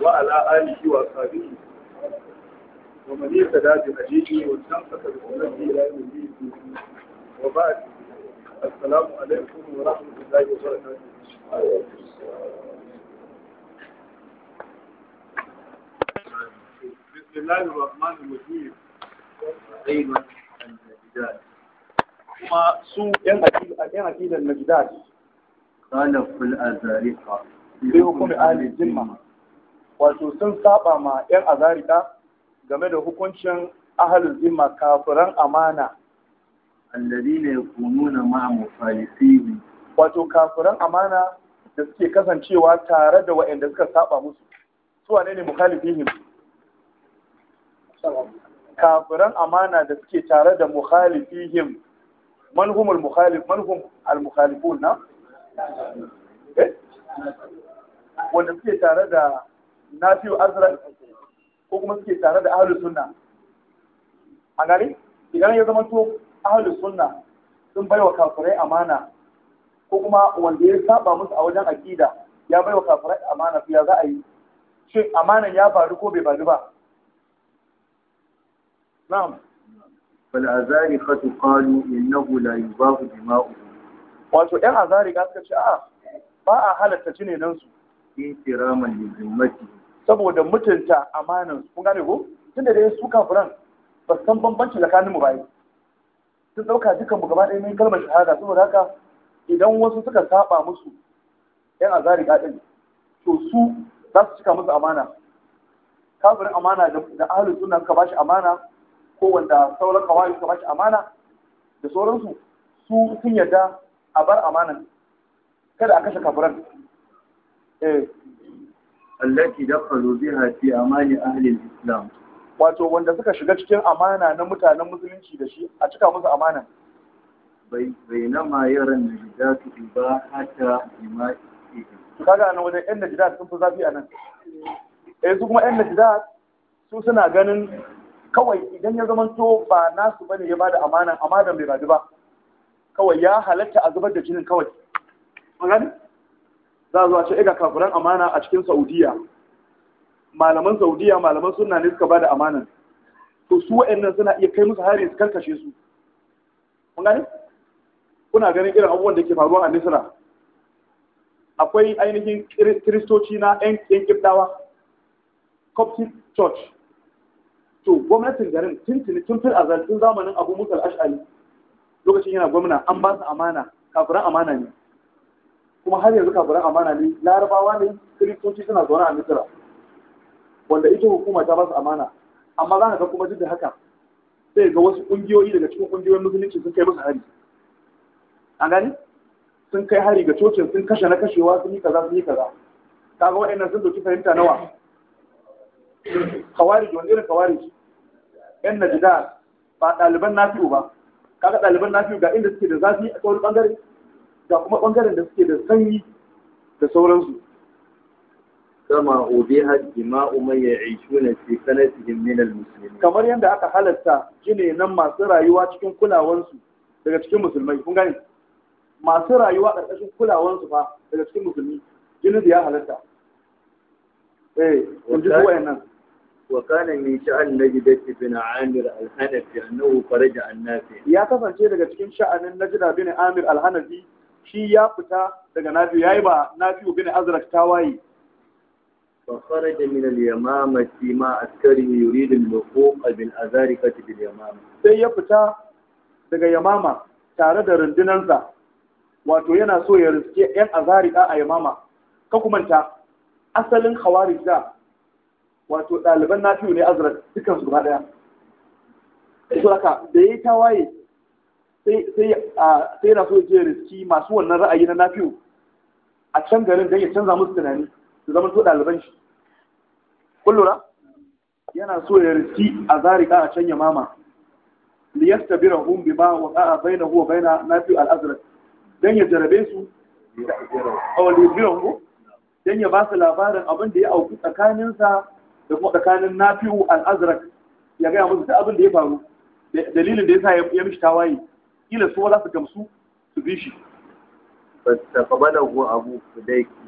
وعلى آله وأصحابه ومن يهتدى بهديه واستمسك بسنته إلى يوم الدين وبعد السلام عليكم ورحمة الله وبركاته بسم الله الرحمن الرحيم أيضا النجدات kuma su ‘yan akidar Najdad. Kalafin Azarifa. Sai hukumi Ali Jimma. wato sun saba ma 'yan azarika game da hukuncin ahalin zimma kafiran amana ma mu ma'a mufalisihi wato kafiran amana da suke kasancewa tare da waɗanda suka saba musu su wane ne mukhalifihim kafiran amana da suke tare da mukhalifihim manhumul al-mukhalif manhum al-mukhalifun na eh? wanda suke tare da nafi'u azrak ko kuma suke tare da ahlus sunna a gare idan ya zama to ahlus sunna sun baiwa kafirai amana ko kuma wanda ya saba musu a wajen aqida ya baiwa kafirai amana su ya za a yi shin amanan ya faru ko bai faru ba na'am fal azariqatu qalu innahu la yubahu dima'u wato ɗan azariqa suka ce a'a ba a halatta cine nan su intiraman lizimmati saboda mutunta amanan kun gane ko da dai su kafiran ba san bambanci tsakanin mu ba sun dauka dukan mu gaba ɗaya mun kalmar shahada saboda haka idan wasu suka saba musu yan azari gadin to su za su cika musu amana kafirin amana da ahlus sunna suka bashi amana ko wanda sauran kawai suka bashi amana da sauransu su sun yarda a bar amanan kada a kashe kafiran eh allati dakhalu biha fi amani ahli islam wato wanda suka shiga cikin amana na mutanen musulunci da shi a cika musu amana bai bainama yaran najidatu ba hatta jima'i to kaga nan wajen yan najidat sun fi zafi a nan eh su kuma yan najidat su suna ganin kawai idan ya zama to ba nasu bane ya bada amana amana bai bada ba kawai ya halatta a zubar da jinin kawai magana za zuwa ce eh, ga kafiran amana a cikin saudiya malaman saudiya malaman suna ne suka bada amanan to su wa'annan suna iya kai musu hari su karkashe su kun gani kuna ganin irin abubuwan da ke faruwa a nisra akwai ainihin kiristoci na yan Kiftawa? coptic church to gwamnatin garin tuntuni tun fil azal tun zamanin abu musa ashari lokacin yana gwamna an ba su amana kafiran amana ne har yanzu kafiran amana ne larabawa ne kiristoci suna zaune a misira wanda ita hukuma ta ba su amana amma za ka ga kuma duk da haka sai ga wasu kungiyoyi daga cikin kungiyoyin musulunci sun kai musu hari an gani sun kai hari ga cocin sun kashe na kashewa sun yi kaza sun yi kaza kaga waɗannan sun doki fahimta nawa kawarij wanda irin kawarij yan najida ba ɗaliban nafi'u ba kaga ɗaliban nafi'u ga inda suke da zafi a kawai bangare ga kuma ɓangaren da suke da sanyi da sauransu kama ubiha jima'u man na fi qanatihim min al musulmi. kamar yadda aka halatta jine nan masu rayuwa cikin kulawansu daga cikin musulmai kun gani masu rayuwa ƙarƙashin kulawansu fa daga cikin musulmi jinin da ya halatta eh kun ji zuwa nan وكان من شأن نجدة بن عامر الحنفي أنه فرج عن نافع. يا كفن شيء لك شأن نجدة بن عامر الحنفي shi ya fita daga ya yi ba nafi'u bin azrak tawaye فخرج yuri da مع عسكره azari kati بالأزارقة yamma. sai ya fita daga yamama tare da rundunansa wato yana so ya riske yan azarika a yamama ka kumanta asalin khawarij da wato ɗaliban nafi ne azrak dukansu su gaba daya saboda da yayi tawaye sai yana so je riski masu wannan ra'ayi na nafiyu a can garin don ya canza musu tunani su zama to ɗaliban shi kun lura yana so ya riski a zarika a can ya mama liyastabira hum bima waqa'a bainahu wa baina nafi'u al-azraq don ya jarabe su aw liyastabirahum don ya ba su labarin abin da ya auku tsakaninsa da kuma tsakanin nafi'u al ya gaya musu ta abin da ya faru dalilin da ya sa ya mishi tawaye kila su wala su gamsu su bi shi fastafabalahu abu ba.